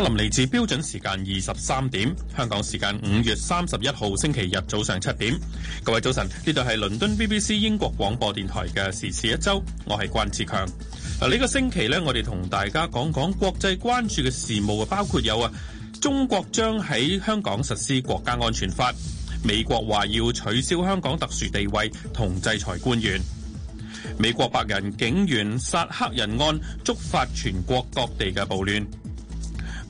林嚟自標準時間二十三點，香港時間五月三十一號星期日早上七點。各位早晨，呢度係倫敦 BBC 英國廣播電台嘅時事一周，我係關志強。嗱，呢個星期咧，我哋同大家講講國際關注嘅事務啊，包括有啊，中國將喺香港實施國家安全法，美國話要取消香港特殊地位同制裁官員，美國白人警員殺黑人案觸發全國各地嘅暴亂。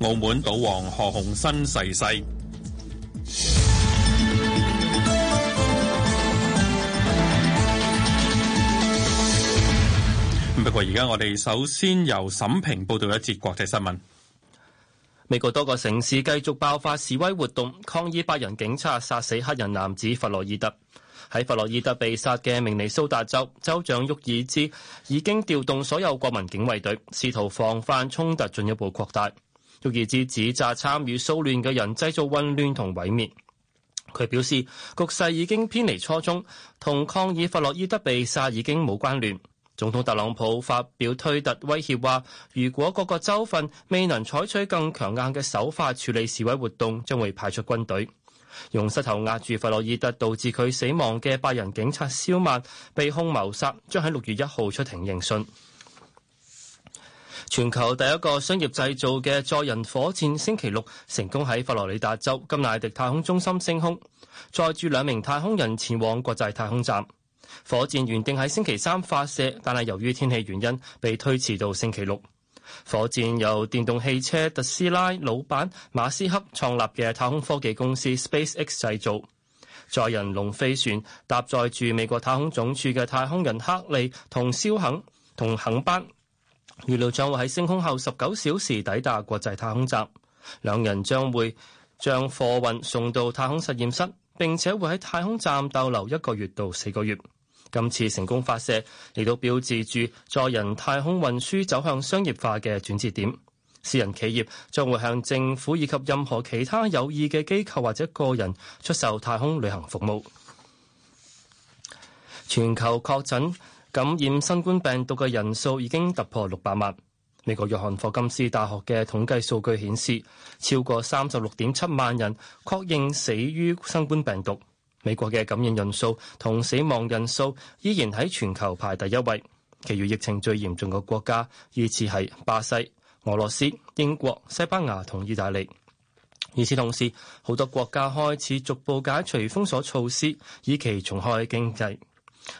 澳門賭王何鴻燊逝世。不過而家，我哋首先由沈平報道一節國際新聞。美國多個城市繼續爆發示威活動，抗議白人警察殺死黑人男子弗洛伊德。喺弗洛伊德被殺嘅明尼蘇達州州長沃爾茲已經調動所有國民警衛隊，試圖防範衝突進一步擴大。足以指指責參與騷亂嘅人製造混亂同毀滅。佢表示局勢已經偏離初衷，同抗議弗洛伊德被殺已經冇關聯。總統特朗普發表推特威脅話，如果各個州份未能採取更強硬嘅手法處理示威活動，將會派出軍隊。用膝頭壓住弗洛伊德，導致佢死亡嘅白人警察肖曼被控謀殺，將喺六月一號出庭應訊。全球第一個商業製造嘅載人火箭星期六成功喺佛羅里達州甘迺迪太空中心升空，載住兩名太空人前往國際太空站。火箭原定喺星期三發射，但係由於天氣原因被推遲到星期六。火箭由電動汽車特斯拉老闆馬斯克創立嘅太空科技公司 SpaceX 製造，載人龍飛船搭載住美國太空總署嘅太空人克利同蕭肯同肯班。預料將會喺升空後十九小時抵達國際太空站，兩人將會將貨運送到太空實驗室，並且會喺太空站逗留一個月到四個月。今次成功發射，嚟到標誌住載人太空運輸走向商業化嘅轉折點。私人企業將會向政府以及任何其他有意嘅機構或者個人出售太空旅行服務。全球確診。感染新冠病毒嘅人數已經突破六百萬。美國約翰霍金斯大學嘅統計數據顯示，超過三十六點七萬人確認死於新冠病毒。美國嘅感染人數同死亡人數依然喺全球排第一位。其餘疫情最嚴重嘅國家依次係巴西、俄羅斯、英國、西班牙同意大利。與此同時，好多國家開始逐步解除封鎖措施，以期重開經濟。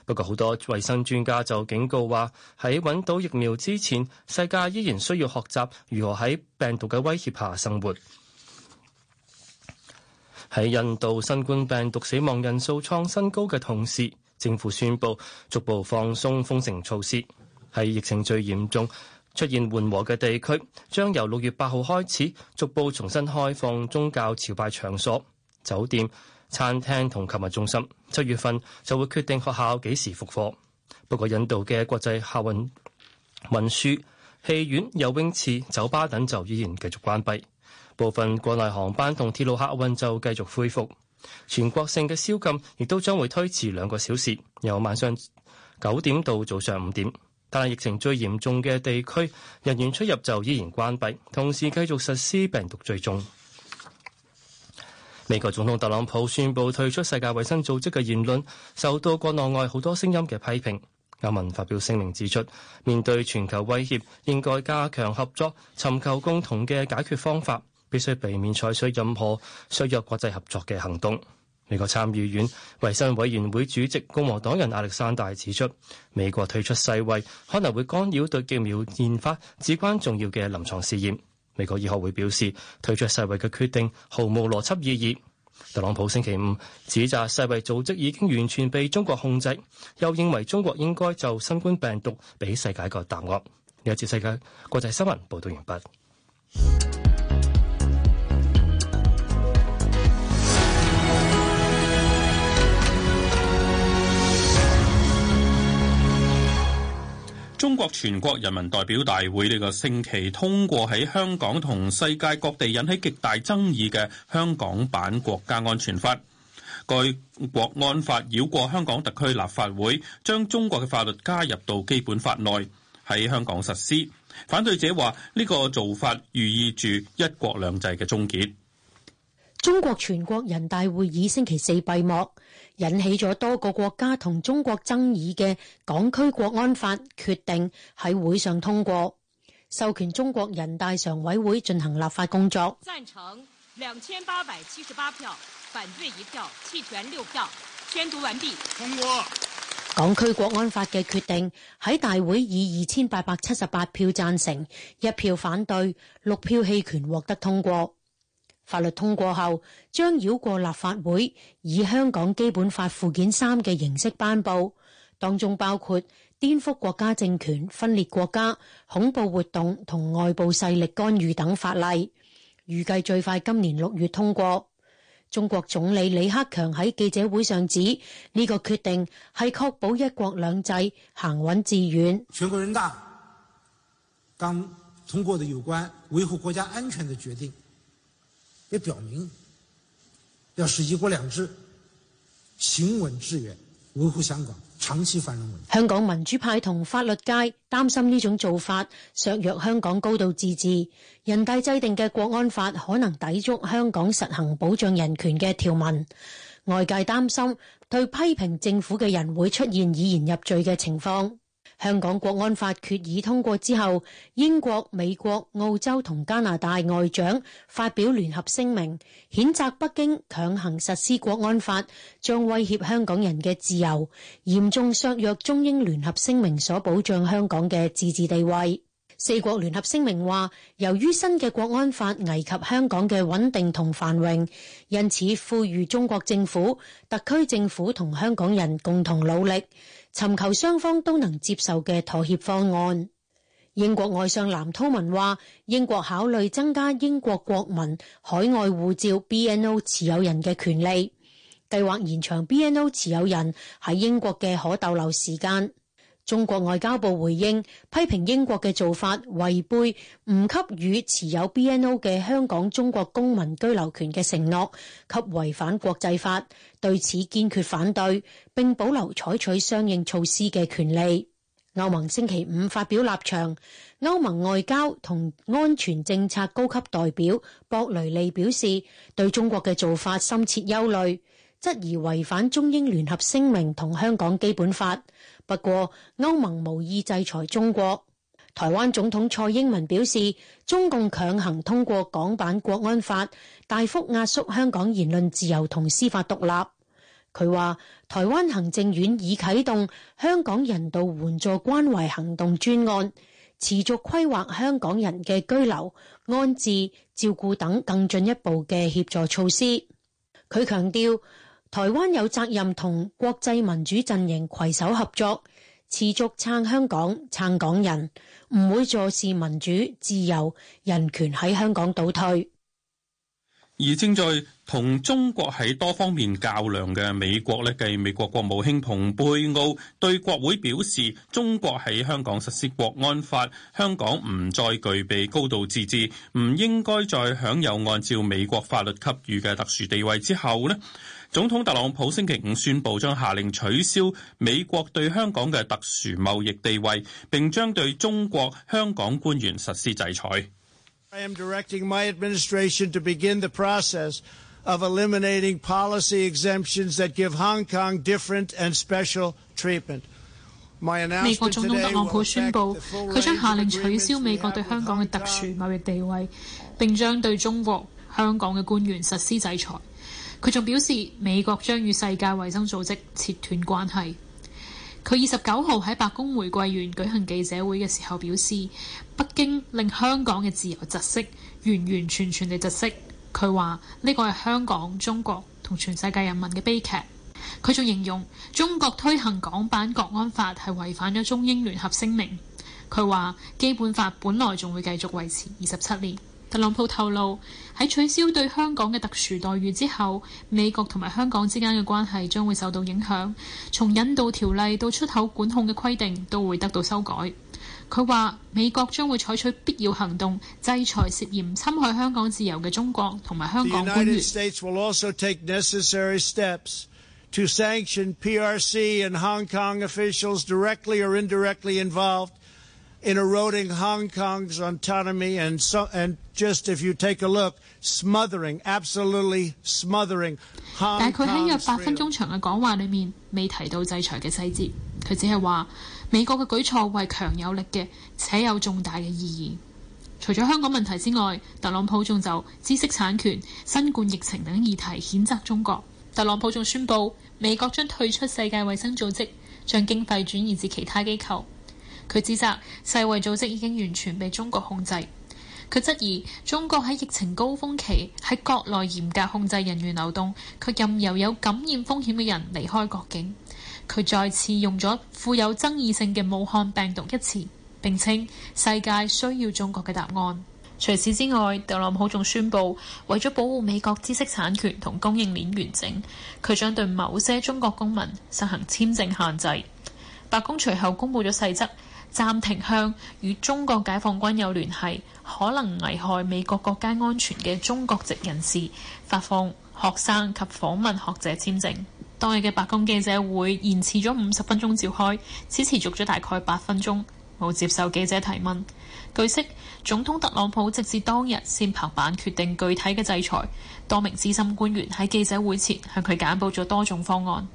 不過，好多衞生專家就警告話，喺揾到疫苗之前，世界依然需要學習如何喺病毒嘅威脅下生活。喺印度新冠病毒死亡人數創新高嘅同時，政府宣布逐步放鬆封城措施。喺疫情最嚴重、出現緩和嘅地區，將由六月八號開始逐步重新開放宗教朝拜場所、酒店、餐廳同購物中心。七月份就會決定學校幾時復課。不過，印度嘅國際客運、運輸、戲院、游泳池、酒吧等就依然繼續關閉。部分國內航班同鐵路客運就繼續恢復。全國性嘅宵禁亦都將會推遲兩個小時，由晚上九點到早上五點。但係疫情最嚴重嘅地區，人員出入就依然關閉，同時繼續實施病毒追蹤。美國總統特朗普宣布退出世界衛生組織嘅言論，受到國內外好多聲音嘅批評。阿文發表聲明指出，面對全球威脅，應該加強合作，尋求共同嘅解決方法，必須避免採取任何削弱國際合作嘅行動。美國參議院衛生委員會主席共和黨人亞歷山大指出，美國退出世衛可能會干擾對疫苗研發至關重要嘅臨床試驗。美國醫學會表示，退出世衛嘅決定毫無邏輯意義。特朗普星期五指責世衛組織已經完全被中國控制，又認為中國應該就新冠病毒俾世界個答案。呢一節世界國際新聞報道完畢。中國全國人民代表大會呢個星期通過喺香港同世界各地引起極大爭議嘅香港版國家安全法，該國安法繞過香港特區立法會，將中國嘅法律加入到基本法內，喺香港實施。反對者話呢個做法寓意住一國兩制嘅終結。中國全國人大會議星期四閉幕。引起咗多個國家同中國爭議嘅港區國安法決定喺會上通過，授權中國人大常委會進行立法工作。贊成兩千八百七十八票，反對一票，棄權六票。宣讀完畢。通過國港區國安法嘅決定喺大會以二千八百七十八票贊成，一票反對，六票棄權獲得通過。法律通過後，將繞過立法會，以香港基本法附件三嘅形式頒布，當中包括顛覆國家政權、分裂國家、恐怖活動同外部勢力干預等法例，預計最快今年六月通過。中國總理李克強喺記者會上指，呢個決定係確保一國兩制行穩致遠。全國人大剛通過的有關維護國家安全的決定，也表明，要使一國兩制行穩致遠，維護香港長期繁榮穩定。香港民主派同法律界擔心呢種做法削弱香港高度自治，人大制定嘅國安法可能抵觸香港實行保障人權嘅條文，外界擔心對批評政府嘅人會出現以言入罪嘅情況。香港國安法決議通過之後，英國、美國、澳洲同加拿大外長發表聯合聲明，譴責北京強行實施國安法，將威脅香港人嘅自由，嚴重削弱中英聯合聲明所保障香港嘅自治地位。四國聯合聲明話，由於新嘅國安法危及香港嘅穩定同繁榮，因此呼籲中國政府、特區政府同香港人共同努力。尋求雙方都能接受嘅妥協方案。英國外相藍韜文話，英國考慮增加英國國民海外護照 （BNO） 持有人嘅權利，計劃延長 BNO 持有人喺英國嘅可逗留時間。中國外交部回應，批評英國嘅做法，違背唔給予持有 BNO 嘅香港中國公民居留權嘅承諾，及違反國際法。對此堅決反對，並保留採取相應措施嘅權利。歐盟星期五發表立場，歐盟外交同安全政策高級代表博雷利表示，對中國嘅做法深切憂慮，質疑違反中英聯合聲明同香港基本法。不過，歐盟無意制裁中國。台灣總統蔡英文表示，中共強行通過港版國安法，大幅壓縮香港言論自由同司法獨立。佢話，台灣行政院已啟動香港人道援助關懷行動專案，持續規劃香港人嘅居留、安置、照顧等更進一步嘅協助措施。佢強調，台灣有責任同國際民主陣營携手合作，持續撐香港，撐港人，唔會坐視民主、自由、人權喺香港倒退。而正在同中國喺多方面較量嘅美國呢，繼美國國務卿蓬佩奧對國會表示，中國喺香港實施國安法，香港唔再具備高度自治，唔應該再享有按照美國法律給予嘅特殊地位之後呢。總統特朗普星期五宣佈，將下令取消美國對香港嘅特殊貿易地位，並將對中國香港官員實施制裁。I am directing my administration to begin the process of eliminating policy exemptions that give Hong Kong different and special treatment. 美國總統特朗普宣佈，佢將下令取消美國對香港嘅特殊貿易地位，並將對中國香港嘅官員實施制裁。佢仲表示，美國將與世界衛生組織切斷關係。佢二十九號喺白宮玫瑰園舉行記者會嘅時候表示，北京令香港嘅自由窒息，完完全全噉窒息。佢話呢個係香港、中國同全世界人民嘅悲劇。佢仲形容中國推行港版國安法係違反咗中英聯合聲明。佢話基本法本來仲會繼續維持二十七年。特朗普透露，喺取消對香港嘅特殊待遇之後，美國同埋香港之間嘅關係將會受到影響，從引渡條例到出口管控嘅規定都會得到修改。佢話美國將會採取必要行動，制裁涉嫌侵害香港自由嘅中國同埋香港官員。in eroding Hong Kong's autonomy，and so, and just if you take a look，smothering，absolutely smothering 但佢喺約八分鐘長嘅講話裡面未提到制裁嘅細節，佢只係話美國嘅舉措係強有力嘅，且有重大嘅意義。除咗香港問題之外，特朗普仲就知識產權、新冠疫情等議題譴責中國。特朗普仲宣布美國將退出世界衞生組織，將經費轉移至其他機構。佢指責世衛組織已經完全被中國控制。佢質疑中國喺疫情高峰期喺國內嚴格控制人員流動，卻任由有感染風險嘅人離開國境。佢再次用咗富有爭議性嘅武漢病毒一詞，並稱世界需要中國嘅答案。除此之外，特朗普仲宣布為咗保護美國知識產權同供應鏈完整，佢將對某些中國公民實行簽證限制。白宮隨後公布咗細則。暫停向與中國解放軍有聯繫、可能危害美國國家安全嘅中國籍人士發放學生及訪問學者簽證。當日嘅白宮記者會延遲咗五十分鐘召開，只持續咗大概八分鐘，冇接受記者提問。據悉，總統特朗普直至當日先拍板決定具體嘅制裁。多名資深官員喺記者會前向佢簡報咗多種方案。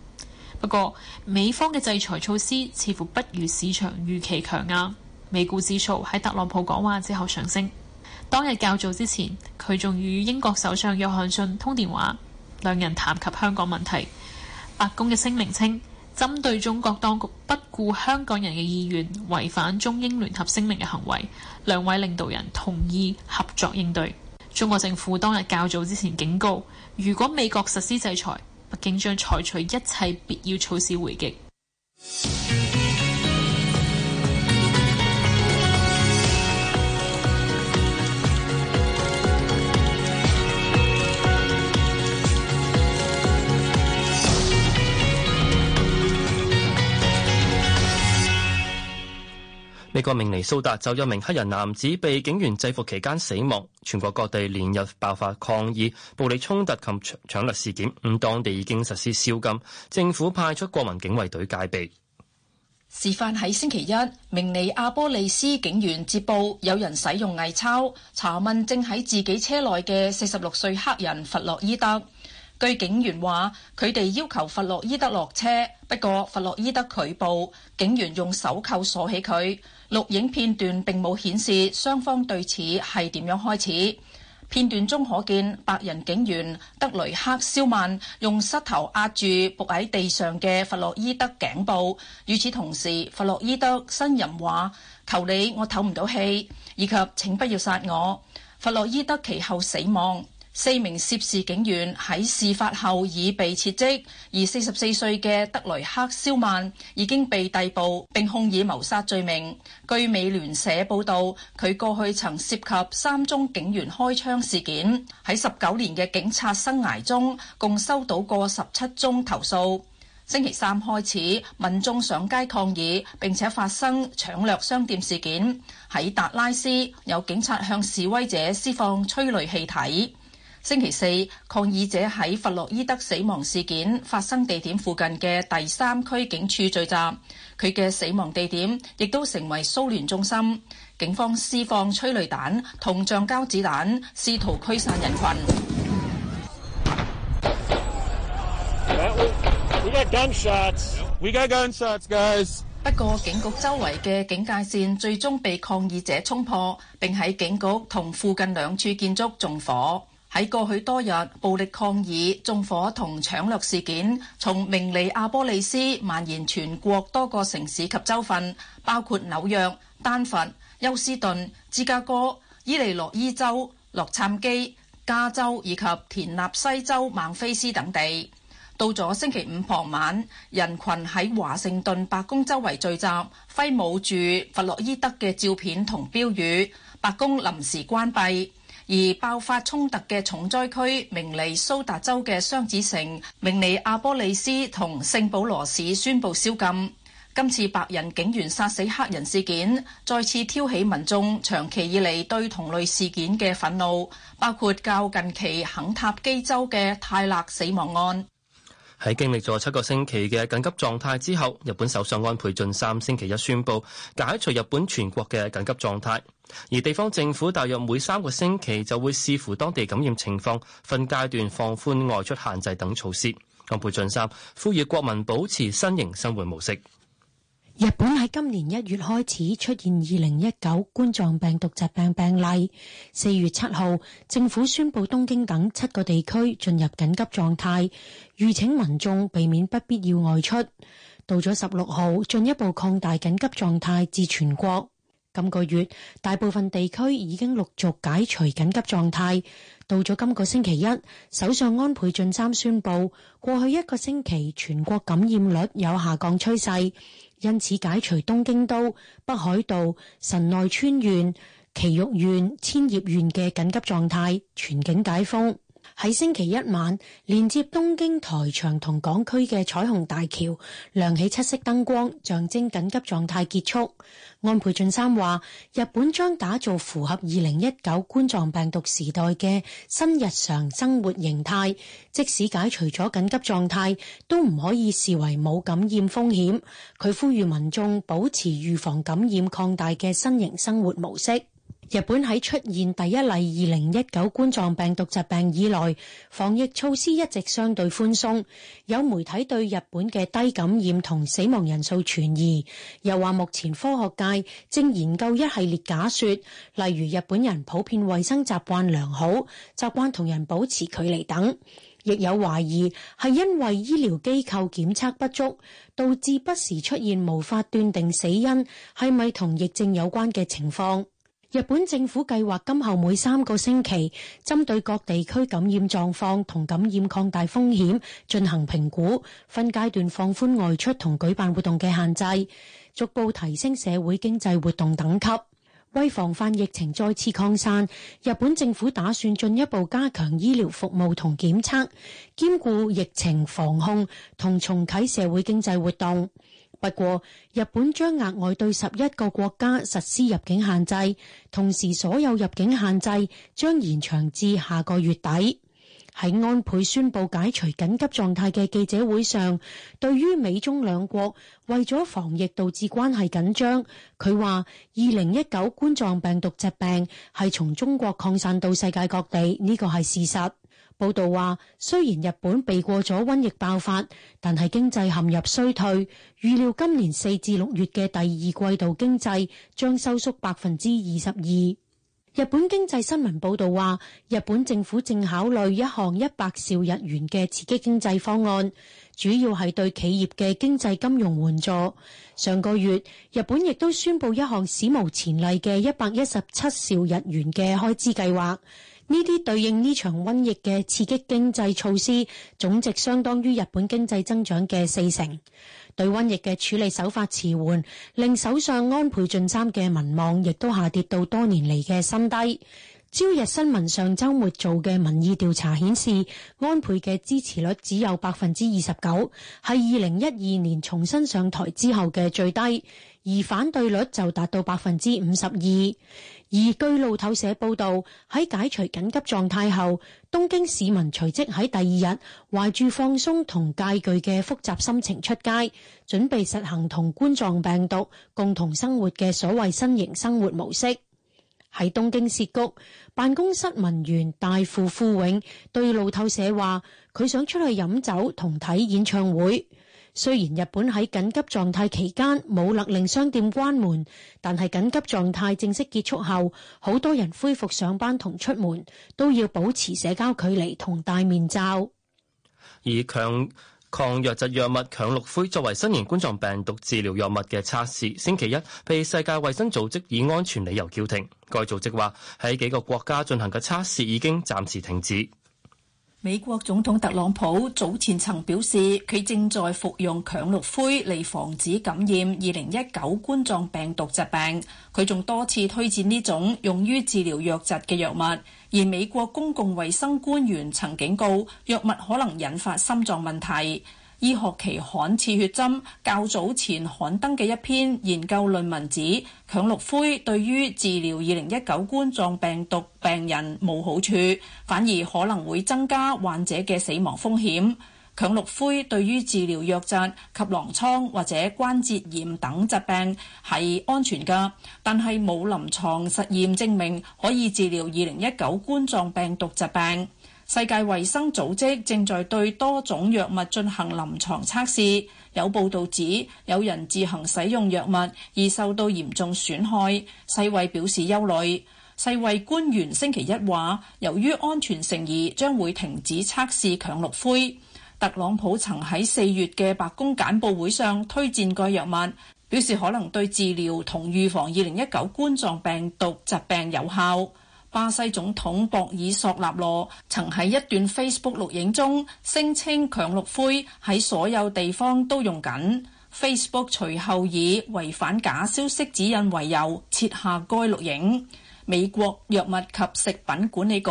不過，美方嘅制裁措施似乎不如市場預期強硬。美股指數喺特朗普講話之後上升。當日較早之前，佢仲與英國首相約翰遜通電話，兩人談及香港問題。白宮嘅聲明稱，針對中國當局不顧香港人嘅意願，違反中英聯合聲明嘅行為，兩位領導人同意合作應對。中國政府當日較早之前警告，如果美國實施制裁，北京將採取一切必要措施回擊。美國明尼蘇達，就一名黑人男子被警員制服期間死亡，全國各地連日爆發抗議、暴力衝突及搶掠事件。當地已經實施宵禁，政府派出國民警衛隊戒備。事發喺星期一，明尼阿波利斯警員接報有人使用偽鈔，查問正喺自己車內嘅四十六歲黑人弗洛伊德。據警員話，佢哋要求弗洛伊德落車，不過弗洛伊德拒捕，警員用手扣鎖起佢。錄影片段並冇顯示雙方對此係點樣開始。片段中可見白人警員德雷克肖曼用膝頭壓住伏喺地上嘅弗洛伊德頸部，與此同時，弗洛伊德呻吟話：求你，我透唔到氣，以及請不要殺我。弗洛伊德其後死亡。四名涉事警員喺事發後已被撤職，而四十四歲嘅德雷克·肖曼已經被逮捕，並控以謀殺罪名。據美聯社報道，佢過去曾涉及三宗警員開槍事件。喺十九年嘅警察生涯中，共收到過十七宗投訴。星期三開始，民眾上街抗議，並且發生搶掠商店事件。喺達拉斯，有警察向示威者施放催淚氣體。星期四，抗議者喺弗洛伊德死亡事件發生地點附近的第三區警署聚集。喺過去多日，暴力抗議、縱火同搶掠事件從明尼阿波利斯蔓延全國多個城市及州份，包括紐約、丹佛、休斯頓、芝加哥、伊利諾伊州、洛杉磯、加州以及田納西州孟菲斯等地。到咗星期五傍晚，人群喺華盛頓白宮周圍聚集，揮舞住弗洛伊德嘅照片同標語，白宮臨時關閉。而爆發衝突嘅重災區明尼蘇達州嘅雙子城、明尼阿波利斯同聖保羅市宣布宵禁。今次白人警員殺死黑人事件，再次挑起民眾長期以嚟對同類事件嘅憤怒，包括較近期肯塔基州嘅泰勒死亡案。喺經歷咗七個星期嘅緊急狀態之後，日本首相安倍晉三星期一宣布解除日本全國嘅緊急狀態，而地方政府大約每三個星期就會視乎當地感染情況，分階段放寬外出限制等措施。安倍晉三呼籲國民保持新型生活模式。日本喺今年一月開始出現二零一九冠狀病毒疾病病例。四月七號，政府宣布東京等七個地區進入緊急狀態，籲請民眾避免不必要外出。到咗十六號，進一步擴大緊急狀態至全國。今個月大部分地區已經陸續解除緊急狀態。到咗今個星期一，首相安倍晉三宣布，過去一個星期全國感染率有下降趨勢，因此解除東京都、北海道、神奈川縣、埼玉縣、千葉縣嘅緊急狀態，全境解封。喺星期一晚，連接東京台場同港區嘅彩虹大橋亮起七色燈光，象徵緊急狀態結束。安倍晉三話，日本將打造符合二零一九冠狀病毒時代嘅新日常生活形態，即使解除咗緊急狀態，都唔可以視為冇感染風險。佢呼籲民眾保持預防感染擴大嘅新型生活模式。日本喺出現第一例二零一九冠狀病毒疾病以來，防疫措施一直相對寬鬆。有媒體對日本嘅低感染同死亡人數存疑，又話目前科學界正研究一系列假說，例如日本人普遍衛生習慣良好，習慣同人保持距離等。亦有懷疑係因為醫療機構檢測不足，導致不時出現無法斷定死因係咪同疫症有關嘅情況。日本政府計劃今後每三個星期針對各地區感染狀況同感染擴大風險進行評估，分階段放寬外出同舉辦活動嘅限制，逐步提升社會經濟活動等級。為防範疫情再次擴散，日本政府打算進一步加強醫療服務同檢測，兼顧疫情防控同重啟社會經濟活動。不過，日本將額外對十一個國家實施入境限制，同時所有入境限制將延長至下個月底。喺安倍宣布解除緊急狀態嘅記者會上，對於美中兩國為咗防疫導致關係緊張，佢話二零一九冠狀病毒疾病係從中國擴散到世界各地呢個係事實。報道話，雖然日本避過咗瘟疫爆發，但係經濟陷入衰退，預料今年四至六月嘅第二季度經濟將收縮百分之二十二。日本經濟新聞報道話，日本政府正考慮一項一百兆日元嘅刺激經濟方案，主要係對企業嘅經濟金融援助。上個月，日本亦都宣布一項史無前例嘅一百一十七兆日元嘅開支計劃。呢啲對應呢場瘟疫嘅刺激經濟措施，總值相當於日本經濟增長嘅四成。對瘟疫嘅處理手法遲緩，令首相安倍晉三嘅民望亦都下跌到多年嚟嘅新低。朝日新聞上周末做嘅民意調查顯示，安倍嘅支持率只有百分之二十九，係二零一二年重新上台之後嘅最低，而反對率就達到百分之五十二。而據路透社報道，喺解除緊急狀態後，東京市民隨即喺第二日懷住放鬆同戒懼嘅複雑心情出街，準備實行同冠狀病毒共同生活嘅所謂新型生活模式。喺東京涉谷辦公室文員大富富永對路透社話，佢想出去飲酒同睇演唱會。雖然日本喺緊急狀態期間冇勒令商店關門，但係緊急狀態正式結束後，好多人恢復上班同出門都要保持社交距離同戴面罩。以強抗瘧疾藥物強氯喹作為新型冠狀病毒治療藥物嘅測試，星期一被世界衛生組織以安全理由叫停。該組織話喺幾個國家進行嘅測試已經暫時停止。美國總統特朗普早前曾表示，佢正在服用羥氯喹嚟防止感染二零一九冠狀病毒疾病。佢仲多次推薦呢種用於治療瘧疾嘅藥物，而美國公共衛生官員曾警告，藥物可能引發心臟問題。醫學期刊刺血針較早前刊登嘅一篇研究論文指，羥氯喹對於治療二零一九冠狀病毒病人冇好處，反而可能會增加患者嘅死亡風險。羥氯喹對於治療瘧疾及狼瘡或者關節炎等疾病係安全嘅，但係冇臨床實驗證明可以治療二零一九冠狀病毒疾病。世界衛生組織正在對多種藥物進行臨床測試，有報道指有人自行使用藥物而受到嚴重損害，世衛表示憂慮。世衛官員星期一話，由於安全成疑，將會停止測試強氯灰。特朗普曾喺四月嘅白宮簡報會上推薦該藥物，表示可能對治療同預防二零一九冠狀病毒疾病有效。巴西總統博爾索納羅曾喺一段 Facebook 錄影中聲稱強氯灰喺所有地方都用緊。Facebook 隨後以違反假消息指引為由撤下該錄影。美國藥物及食品管理局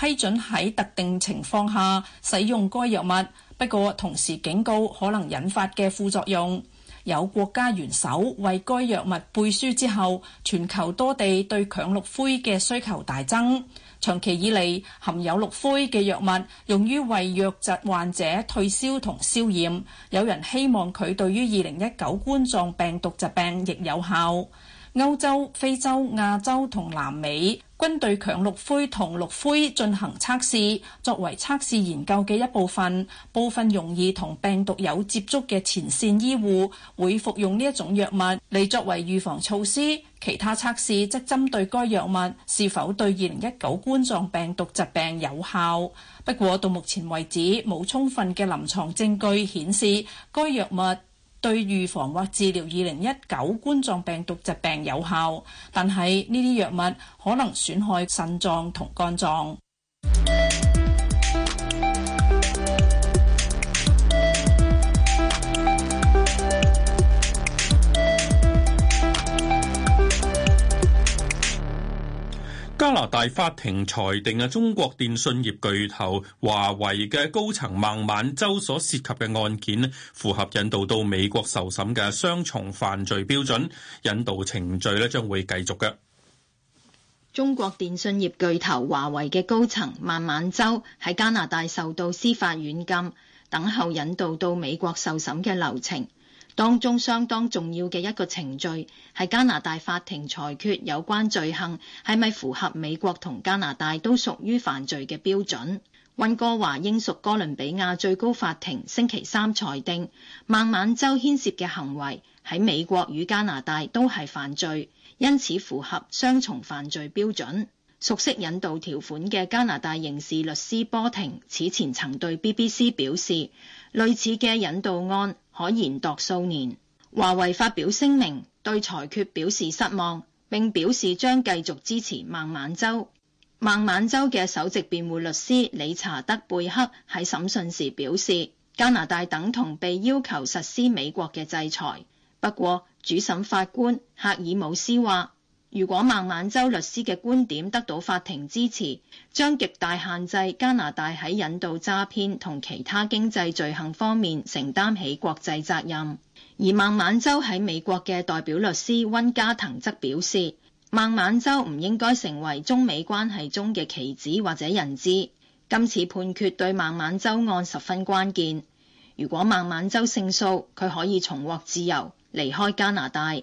批准喺特定情況下使用該藥物，不過同時警告可能引發嘅副作用。有國家元首為該藥物背書之後，全球多地對羥氯喹嘅需求大增。長期以嚟，含有氯喹嘅藥物用於為瘧疾患者退燒同消炎，有人希望佢對於二零一九冠狀病毒疾病亦有效。歐洲、非洲、亞洲同南美均對羥氯喹同氯喹進行測試，作為測試研究嘅一部分。部分容易同病毒有接觸嘅前線醫護會服用呢一種藥物嚟作為預防措施。其他測試則針對該藥物是否對二零一九冠狀病毒疾病有效。不過到目前為止，冇充分嘅臨床證據顯示該藥物對預防或治療二零一九冠狀病毒疾病有效，但係呢啲藥物可能損害腎臟同肝臟。加拿大法庭裁定啊，中國電信業巨頭華為嘅高層孟晚舟所涉及嘅案件呢，符合引渡到美國受審嘅雙重犯罪標準，引渡程序咧將會繼續嘅。中國電信業巨頭華為嘅高層孟晚舟喺加拿大受到司法軟禁，等候引渡到美國受審嘅流程。當中相當重要嘅一個程序係加拿大法庭裁決有關罪行係咪符合美國同加拿大都屬於犯罪嘅標準。溫哥華英屬哥倫比亞最高法庭星期三裁定，孟晚舟牽涉嘅行為喺美國與加拿大都係犯罪，因此符合雙重犯罪標準。熟悉引渡條款嘅加拿大刑事律師波廷此前曾對 BBC 表示，類似嘅引渡案，可延讀數年。華為發表聲明，對裁決表示失望，並表示將繼續支持孟晚舟。孟晚舟嘅首席辯護律師理查德·貝克喺審訊時表示，加拿大等同被要求實施美國嘅制裁。不過，主審法官赫爾姆斯話。如果孟晚舟律師嘅觀點得到法庭支持，將極大限制加拿大喺引渡詐騙同其他經濟罪行方面承擔起國際責任。而孟晚舟喺美國嘅代表律師溫家騰則表示，孟晚舟唔應該成為中美關係中嘅棋子或者人質，今次判決對孟晚舟案十分關鍵。如果孟晚舟勝訴，佢可以重獲自由，離開加拿大。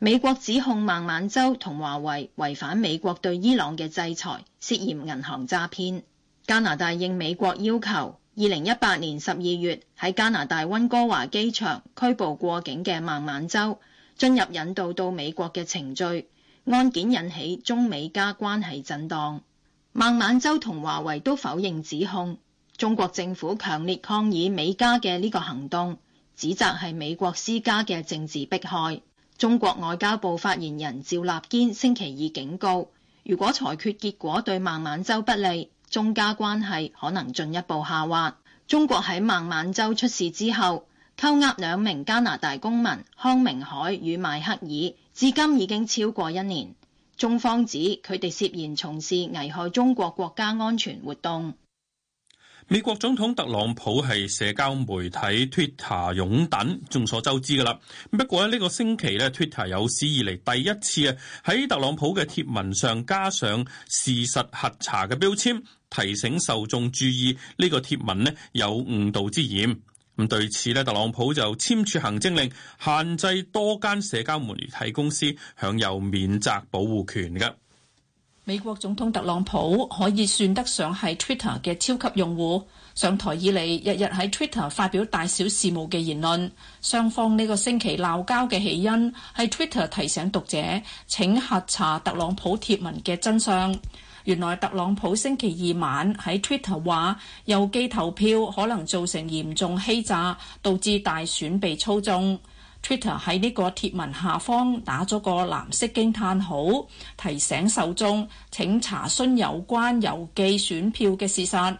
美國指控孟晚舟同華為違反美國對伊朗嘅制裁，涉嫌銀行詐騙。加拿大應美國要求，二零一八年十二月喺加拿大温哥華機場拘捕過境嘅孟晚舟，進入引渡到美國嘅程序。案件引起中美加關係震蕩。孟晚舟同華為都否認指控，中國政府強烈抗議美加嘅呢個行動，指責係美國施加嘅政治迫害。中國外交部發言人趙立堅星期二警告，如果裁決結果對孟晚舟不利，中加關係可能進一步下滑。中國喺孟晚舟出事之後，扣押兩名加拿大公民康明凱與邁克爾，至今已經超過一年。中方指佢哋涉嫌從事危害中國國家安全活動。美國總統特朗普係社交媒體 Twitter 擁躉，眾所周知噶啦。不過呢個星期咧，Twitter 有史以嚟第一次啊，喺特朗普嘅貼文上加上事實核查嘅標籤，提醒受眾注意呢個貼文呢有誤導之嫌。咁對此咧，特朗普就簽署行政令，限制多間社交媒體公司享有免責保護權噶。美國總統特朗普可以算得上係 Twitter 嘅超級用戶，上台以嚟日日喺 Twitter 發表大小事務嘅言論。雙方呢個星期鬧交嘅起因係 Twitter 提醒讀者，請核查特朗普貼文嘅真相。原來特朗普星期二晚喺 Twitter 話郵寄投票可能造成嚴重欺詐，導致大選被操縱。Twitter 喺呢個貼文下方打咗個藍色驚歎號，提醒受眾請查詢有關郵寄選票嘅事實，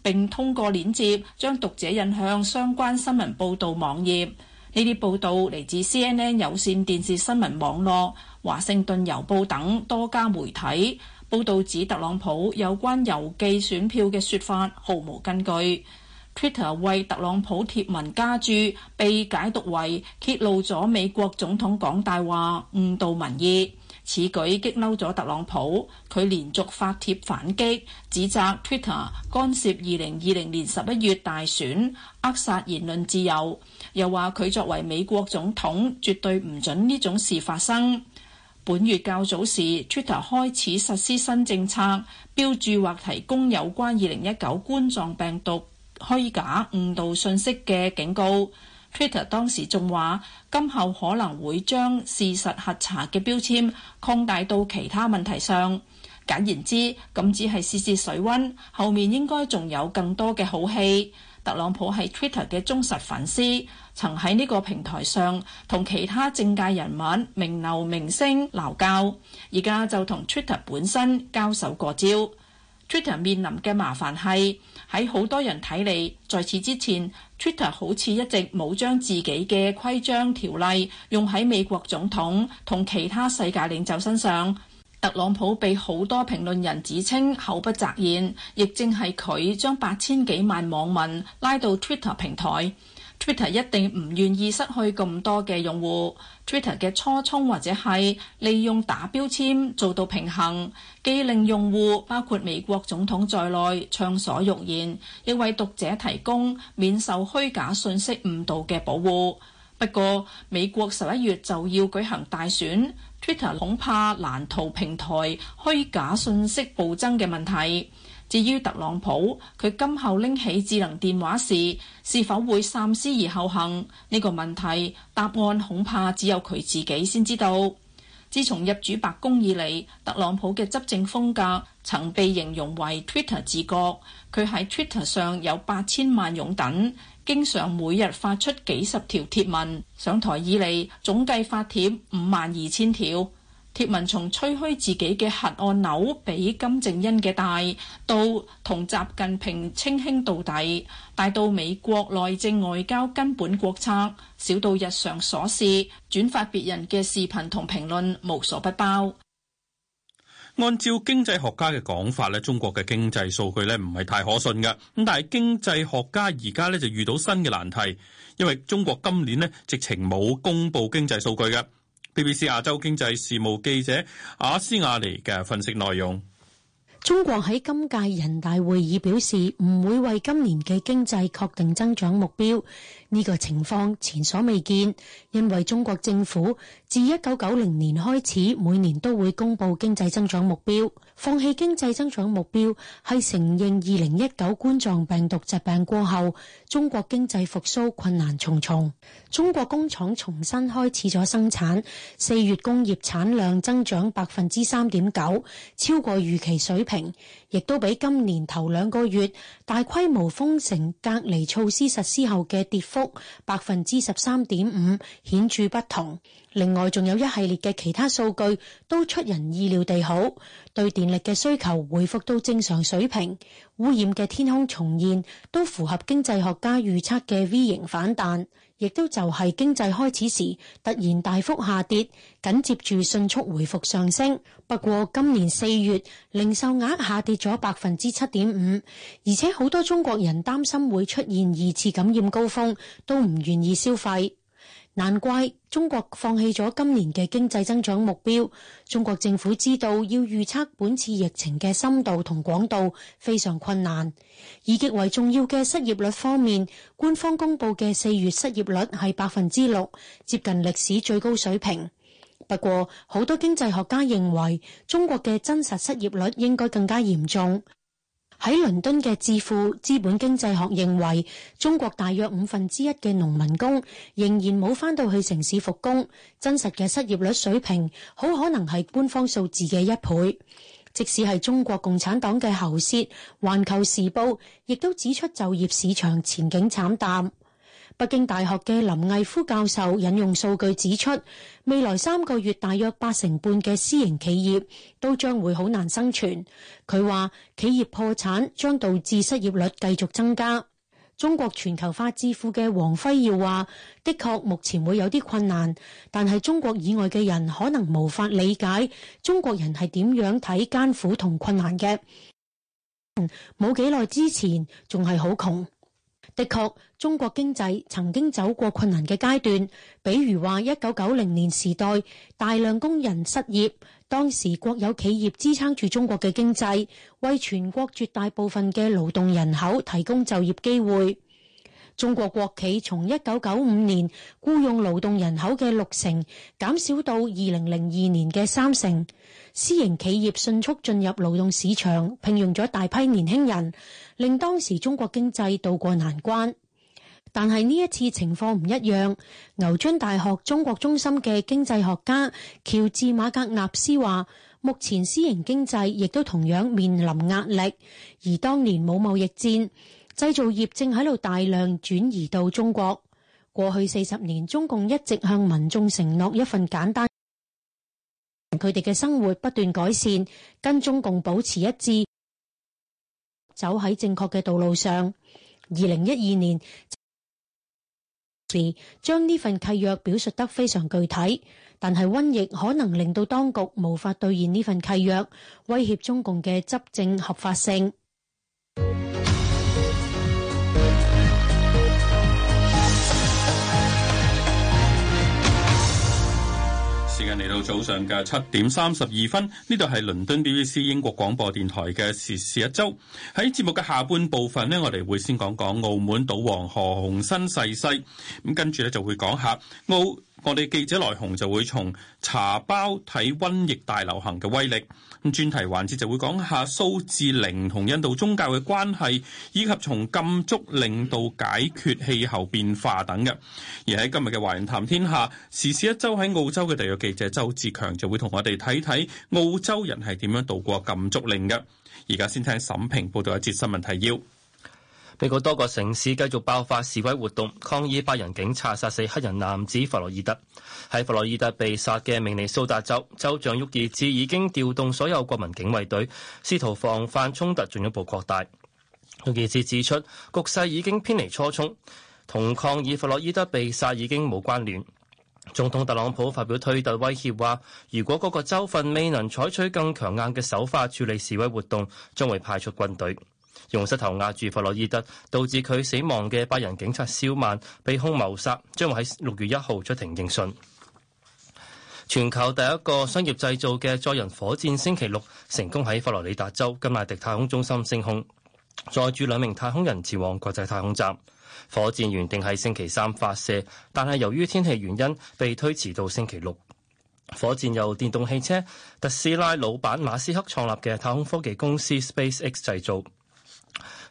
並通過鏈接將讀者引向相關新聞報導網頁。呢啲報導嚟自 CNN 有線電視新聞網絡、華盛頓郵報等多家媒體，報導指特朗普有關郵寄選票嘅説法毫無根據。Twitter 為特朗普貼文加注，被解讀為揭露咗美國總統講大話誤導民意。此舉激嬲咗特朗普，佢連續發帖反擊，指責 Twitter 干涉二零二零年十一月大選，扼殺言論自由。又話佢作為美國總統，絕對唔准呢種事發生。本月較早時，Twitter 開始實施新政策，標注或提供有關二零一九冠狀病毒。虛假誤導信息嘅警告，Twitter 當時仲話，今後可能會將事實核查嘅標籤擴大到其他問題上。簡言之，咁只係試試水溫，後面應該仲有更多嘅好戲。特朗普係 Twitter 嘅忠實粉絲，曾喺呢個平台上同其他政界人物、名流明星鬧交，而家就同 Twitter 本身交手過招。Twitter 面臨嘅麻煩係喺好多人睇嚟，在此之前，Twitter 好似一直冇將自己嘅規章條例用喺美國總統同其他世界領袖身上。特朗普被好多評論人指稱口不擇言，亦正係佢將八千幾萬網民拉到 Twitter 平台。Twitter 一定唔願意失去咁多嘅用戶。Twitter 嘅初衷或者係利用打標籤做到平衡，既令用戶包括美國總統在內暢所欲言，亦為讀者提供免受虛假信息誤導嘅保護。不過，美國十一月就要舉行大選，Twitter 恐怕難逃平台虛假信息暴增嘅問題。至於特朗普，佢今後拎起智能電話時，是否會三思而後行？呢、這個問題答案恐怕只有佢自己先知道。自從入主白宮以嚟，特朗普嘅執政風格曾被形容為 Twitter 治國。佢喺 Twitter 上有八千萬擁躉，經常每日發出幾十條貼文。上台以嚟總計發帖五萬二千條。貼文從吹噓自己嘅核按鈕比金正恩嘅大，到同習近平稱兄道弟，大到美國內政外交根本國策，小到日常瑣事，轉發別人嘅視頻同評論無所不包。按照經濟學家嘅講法咧，中國嘅經濟數據咧唔係太可信嘅咁，但係經濟學家而家咧就遇到新嘅難題，因為中國今年呢直情冇公布經濟數據嘅。BBC 亞洲經濟事務記者阿斯亞尼嘅分析內容：中國喺今屆人大會議表示，唔會為今年嘅經濟確定增長目標。呢個情況前所未見，因為中國政府自一九九零年開始每年都會公布經濟增長目標。放棄經濟增長目標係承認二零一九冠狀病毒疾病過後，中國經濟復蘇困難重重。中國工廠重新開始咗生產，四月工業產量增長百分之三點九，超過預期水平。亦都比今年頭兩個月大規模封城隔離措施實施後嘅跌幅百分之十三點五顯著不同。另外，仲有一系列嘅其他數據都出人意料地好，對電力嘅需求回復到正常水平，污染嘅天空重現都符合經濟學家預測嘅 V 型反彈。亦都就係經濟開始時突然大幅下跌，緊接住迅速回復上升。不過今年四月零售額下跌咗百分之七點五，而且好多中國人擔心會出現二次感染高峰，都唔願意消費。難怪中國放棄咗今年嘅經濟增長目標。中國政府知道要預測本次疫情嘅深度同廣度非常困難。而極為重要嘅失業率方面，官方公布嘅四月失業率係百分之六，接近歷史最高水平。不過，好多經濟學家認為中國嘅真實失業率應該更加嚴重。喺倫敦嘅智庫資本經濟學認為，中國大約五分之一嘅農民工仍然冇返到去城市復工，真實嘅失業率水平好可能係官方數字嘅一倍。即使係中國共產黨嘅喉舌《環球時報》，亦都指出就業市場前景慘淡。北京大學嘅林毅夫教授引用數據指出，未來三個月大約八成半嘅私營企業都將會好難生存。佢話企業破產將導致失業率繼續增加。中國全球化智庫嘅王輝耀話：的確，目前會有啲困難，但係中國以外嘅人可能無法理解中國人係點樣睇艱苦同困難嘅。冇幾耐之前仲係好窮。的確，中國經濟曾經走過困難嘅階段，比如話一九九零年時代，大量工人失業，當時國有企業支撐住中國嘅經濟，為全國絕大部分嘅勞動人口提供就業機會。中國國企從一九九五年僱用勞動人口嘅六成減少到二零零二年嘅三成，私營企業迅速進入勞動市場，聘用咗大批年輕人，令當時中國經濟渡過難關。但係呢一次情況唔一樣，牛津大學中國中心嘅經濟學家喬治·馬格納斯話：目前私營經濟亦都同樣面臨壓力，而當年冇貿易戰。製造業正喺度大量轉移到中國。過去四十年，中共一直向民眾承諾一份簡單，佢哋嘅生活不斷改善，跟中共保持一致，走喺正確嘅道路上。二零一二年時，將呢份契約表述得非常具體，但係瘟疫可能令到當局無法兌現呢份契約，威脅中共嘅執政合法性。嚟到早上嘅七點三十二分，呢度係倫敦 BBC 英國廣播電台嘅時事一周。喺節目嘅下半部分咧，我哋會先講講澳門賭王何鴻燊逝世，咁跟住咧就會講下澳。我哋記者來鴻就會從茶包睇瘟疫大流行嘅威力，咁專題環節就會講下數字零同印度宗教嘅關係，以及從禁足令到解決氣候變化等嘅。而喺今日嘅華人談天下時事一周喺澳洲嘅特約記者周志強就會同我哋睇睇澳洲人係點樣度過禁足令嘅。而家先聽沈平報道一節新聞提要。美國多個城市繼續爆發示威活動，抗議白人警察殺死黑人男子弗洛伊德。喺弗洛伊德被殺嘅明尼蘇達州州長沃爾茲已經調動所有國民警衛隊，試圖防範衝突進一步擴大。沃爾茲指出，局勢已經偏離初衷，同抗議弗洛伊德被殺已經冇關聯。總統特朗普發表推特威脅話，如果嗰個州份未能採取更強硬嘅手法處理示威活動，將會派出軍隊。用膝頭壓住弗洛伊德，導致佢死亡嘅白人警察肖曼被控謀殺，將會喺六月一號出庭應訊。全球第一個商業製造嘅載人火箭星期六成功喺佛羅里達州金艾迪太空中心升空，載住兩名太空人前往國際太空站。火箭原定喺星期三發射，但係由於天氣原因被推遲到星期六。火箭由電動汽車特斯拉老闆馬斯克創立嘅太空科技公司 SpaceX 製造。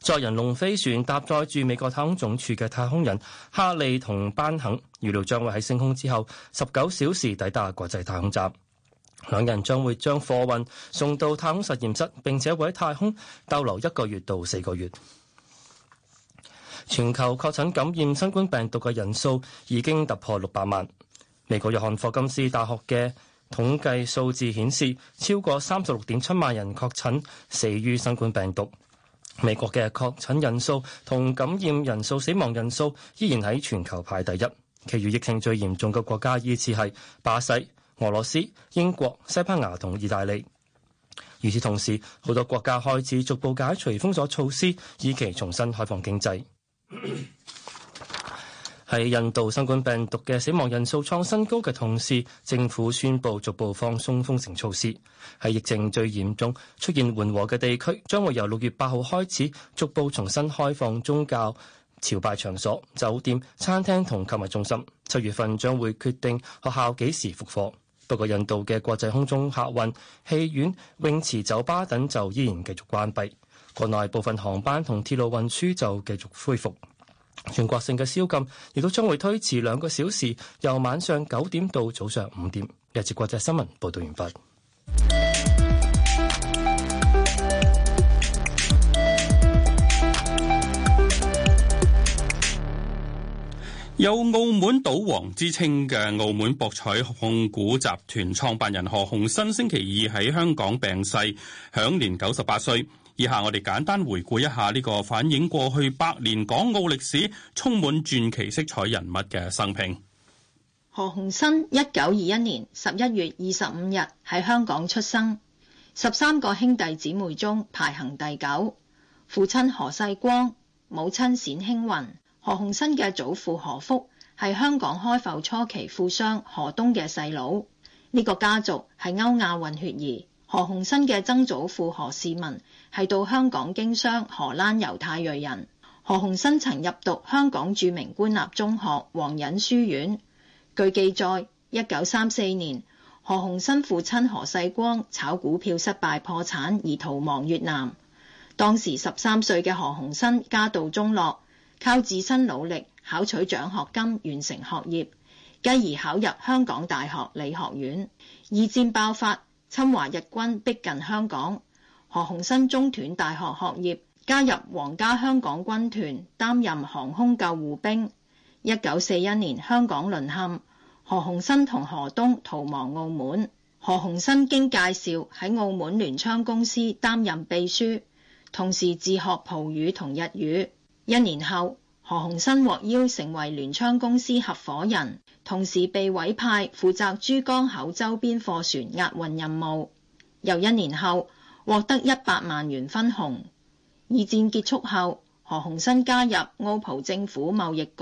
載人龍飛船搭載住美國太空總署嘅太空人哈利同班肯，預料將會喺升空之後十九小時抵達國際太空站。兩人將會將貨運送到太空實驗室，並且會喺太空逗留一個月到四個月。全球確診感染新冠病毒嘅人數已經突破六百萬。美國約翰霍金斯大學嘅統計數字顯示，超過三十六點七萬人確診死於新冠病毒。美國嘅確診人數、同感染人數、死亡人數依然喺全球排第一，其餘疫情最嚴重嘅國家依次係巴西、俄羅斯、英國、西班牙同意大利。與此同時，好多國家開始逐步解除封鎖措施，以期重新開放經濟。 喺印度新冠病毒嘅死亡人數創新高嘅同時，政府宣布逐步放鬆封城措施。喺疫情最嚴重、出現緩和嘅地區將會由六月八號開始逐步重新開放宗教朝拜場所、酒店、餐廳同購物中心。七月份將會決定學校幾時復課。不過，印度嘅國際空中客運、戲院、泳池、酒吧等就依然繼續關閉。國內部分航班同鐵路運輸就繼續恢復。全國性嘅宵禁亦都將會推遲兩個小時，由晚上九點到早上五點。日誌國際新聞報道完畢。有澳門賭王之稱嘅澳門博彩控股集團創辦人何鴻燊，星期二喺香港病逝，享年九十八歲。以下我哋簡單回顧一下呢個反映過去百年港澳歷史充滿傳奇色彩人物嘅生平。何鴻燊一九二一年十一月二十五日喺香港出生，十三個兄弟姊妹中排行第九。父親何世光，母親冼興雲。何鴻燊嘅祖父何福係香港開埠初期富商何東嘅細佬。呢個家族係歐亞混血兒。何鴻燊嘅曾祖父何仕文，係到香港經商，荷蘭猶太裔人。何鴻燊曾入讀香港著名官立中學皇仁書院。據記載，一九三四年，何鴻燊父親何世光炒股票失敗破產而逃亡越南。當時十三歲嘅何鴻燊家道中落，靠自身努力考取獎學金完成學業，繼而考入香港大學理學院。二戰爆發。侵華日軍逼近香港，何鴻燊中斷大學學業，加入皇家香港軍團擔任航空救護兵。一九四一年香港淪陷，何鴻燊同何東逃亡澳門。何鴻燊經介紹喺澳門聯昌公司擔任秘書，同時自學葡語同日語。一年後。何鴻燊獲邀成為聯昌公司合伙人，同時被委派負責珠江口周邊貨船押運任務。又一年後，獲得一百萬元分紅。二戰結束後，何鴻燊加入澳葡政府貿易局，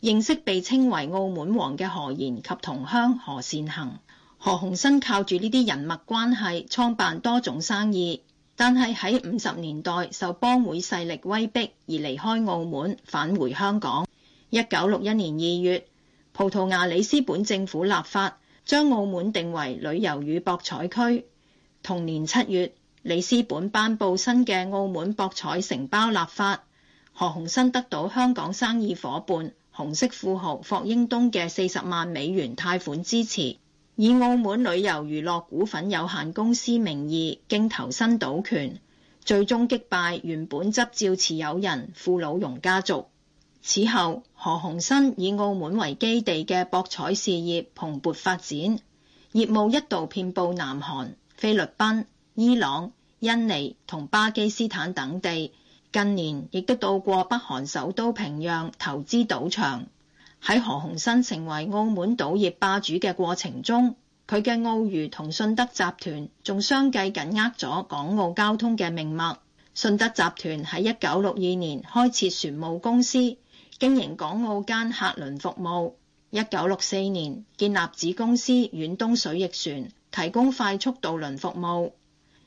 認識被稱為澳門王嘅何賢及同鄉何善行。何鴻燊靠住呢啲人脈關係，創辦多種生意。但係喺五十年代受幫會勢力威逼而離開澳門返回香港。一九六一年二月，葡萄牙里斯本政府立法將澳門定為旅遊與博彩區。同年七月，里斯本頒布新嘅澳門博彩承包立法。何鴻燊得到香港生意伙伴紅色富豪霍英東嘅四十萬美元貸款支持。以澳門旅遊娛樂股份有限公司名義，競投新賭權，最終擊敗原本執照持有人傅老榕家族。此後，何鴻燊以澳門為基地嘅博彩事業蓬勃發展，業務一度遍布南韓、菲律賓、伊朗、印尼同巴基斯坦等地。近年亦都到過北韓首都平壤投資賭場。喺何鴻燊成為澳門賭業霸主嘅過程中，佢嘅澳娛同信德集團仲相繼緊握咗港澳交通嘅命脈。信德集團喺一九六二年開設船務公司，經營港澳間客輪服務；一九六四年建立子公司遠東水翼船，提供快速渡輪服務；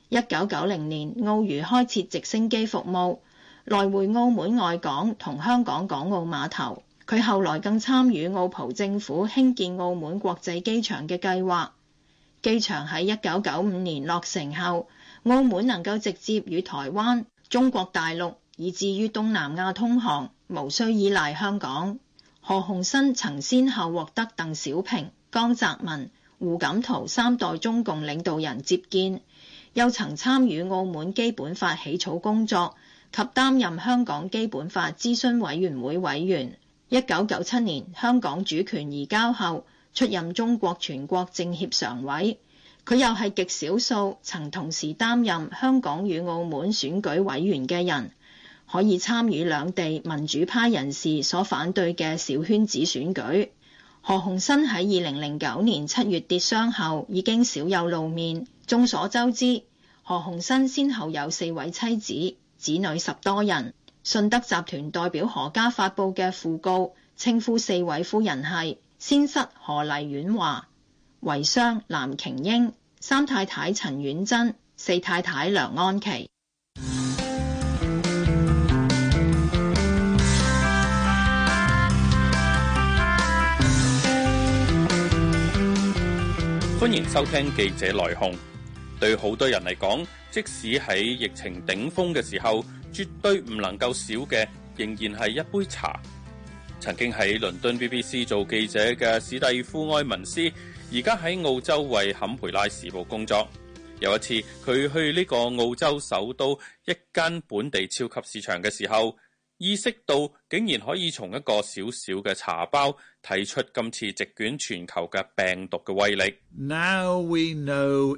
一九九零年，澳娛開設直升機服務，來回澳門外港同香港港澳碼頭。佢後來更參與澳葡政府興建澳門國際機場嘅計劃。機場喺一九九五年落成後，澳門能夠直接與台灣、中國大陸，以至於東南亞通航，無需依賴香港。何鴻燊曾先後獲得鄧小平、江澤民、胡錦濤三代中共領導人接見，又曾參與澳門基本法起草工作及擔任香港基本法諮詢委員會委員。一九九七年香港主權移交後，出任中國全國政協常委，佢又係極少數曾同時擔任香港與澳門選舉委員嘅人，可以參與兩地民主派人士所反對嘅小圈子選舉。何鴻燊喺二零零九年七月跌傷後已經少有露面。眾所周知，何鴻燊先後有四位妻子，子女十多人。信德集團代表何家發布嘅訃告，稱呼四位夫人係先室何麗婉華，遺孀藍瓊纓，三太太陳婉珍、四太太梁安琪。歡迎收聽記者來鴻。對好多人嚟講，即使喺疫情頂峰嘅時候。絕對唔能夠少嘅，仍然係一杯茶。曾經喺倫敦 BBC 做記者嘅史蒂夫埃文斯，而家喺澳洲為《坎培拉時報》工作。有一次，佢去呢個澳洲首都一間本地超級市場嘅時候，意識到竟然可以從一個小小嘅茶包睇出今次席捲全球嘅病毒嘅威力。Now we know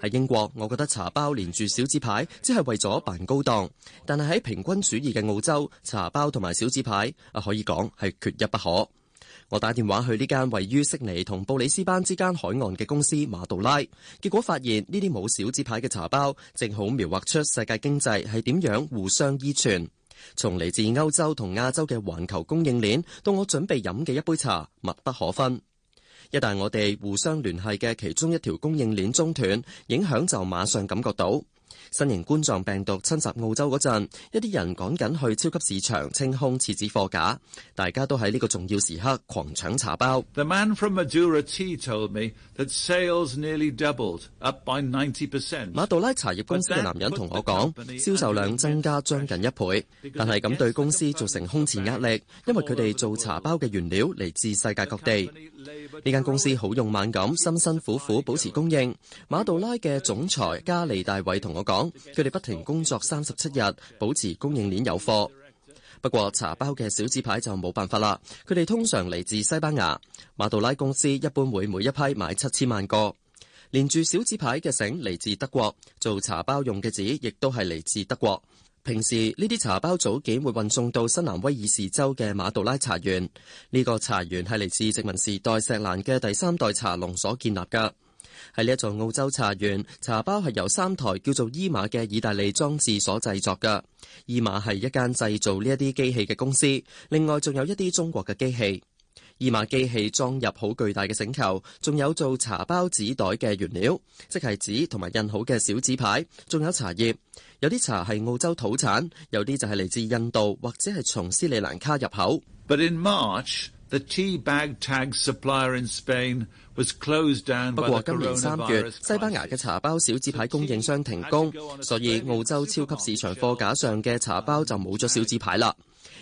喺英國，我覺得茶包連住小紙牌，只係為咗扮高檔。但係喺平均主義嘅澳洲，茶包同埋小紙牌啊，可以講係缺一不可。我打電話去呢間位於悉尼同布里斯班之間海岸嘅公司馬杜拉，結果發現呢啲冇小紙牌嘅茶包，正好描畫出世界經濟係點樣互相依存。從嚟自歐洲同亞洲嘅環球供應鏈，到我準備飲嘅一杯茶，密不可分。一旦我哋互相聯繫嘅其中一條供應鏈中斷，影響就馬上感覺到。新型冠狀病毒侵襲澳洲嗰陣，一啲人趕緊去超級市場清空廁紙貨架。大家都喺呢個重要時刻狂搶茶包。Doubled, 馬杜拉茶葉公司嘅男人同我講，銷售量增加將近一倍，Because 但係咁對公司造成空前壓力，因為佢哋做茶包嘅原料嚟自世界各地。呢間 The company 公司好勇猛咁，辛辛苦苦保持供應。馬杜拉嘅總裁加利大衛同我講，佢哋不停工作三十七日，保持供應鏈有貨。不過茶包嘅小紙牌就冇辦法啦。佢哋通常嚟自西班牙馬杜拉公司，一般會每一批買七千萬個。連住小紙牌嘅繩嚟自德國，做茶包用嘅紙亦都係嚟自德國。平時呢啲茶包組件會運送到新南威爾士州嘅馬杜拉茶園，呢、這個茶園係嚟自殖民時代錫蘭嘅第三代茶農所建立㗎。係呢一座澳洲茶園，茶包係由三台叫做伊馬嘅意大利裝置所製作嘅。伊馬係一間製造呢一啲機器嘅公司。另外仲有一啲中國嘅機器。伊馬機器裝入好巨大嘅繩球，仲有做茶包紙袋嘅原料，即係紙同埋印好嘅小紙牌，仲有茶葉。有啲茶係澳洲土產，有啲就係嚟自印度或者係從斯里蘭卡入口。But in March, 不過今年三月，西班牙嘅茶包小紙牌供應商停工，所以澳洲超級市場貨架上嘅茶包就冇咗小紙牌啦。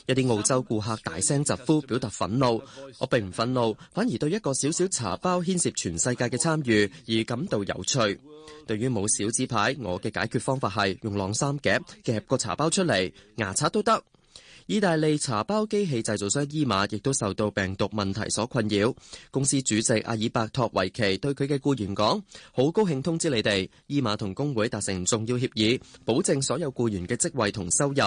一啲澳洲顧客大聲疾呼，表達憤怒。我並唔憤怒，反而對一個小小茶包牽涉全世界嘅參與而感到有趣。對於冇小紙牌，我嘅解決方法係用晾衫夾夾個茶包出嚟，牙刷都得。意大利茶包機器製造商伊瑪亦都受到病毒問題所困擾，公司主席阿爾伯托維奇對佢嘅僱員講，好高興通知你哋，伊瑪同工會達成重要協議，保證所有僱員嘅職位同收入。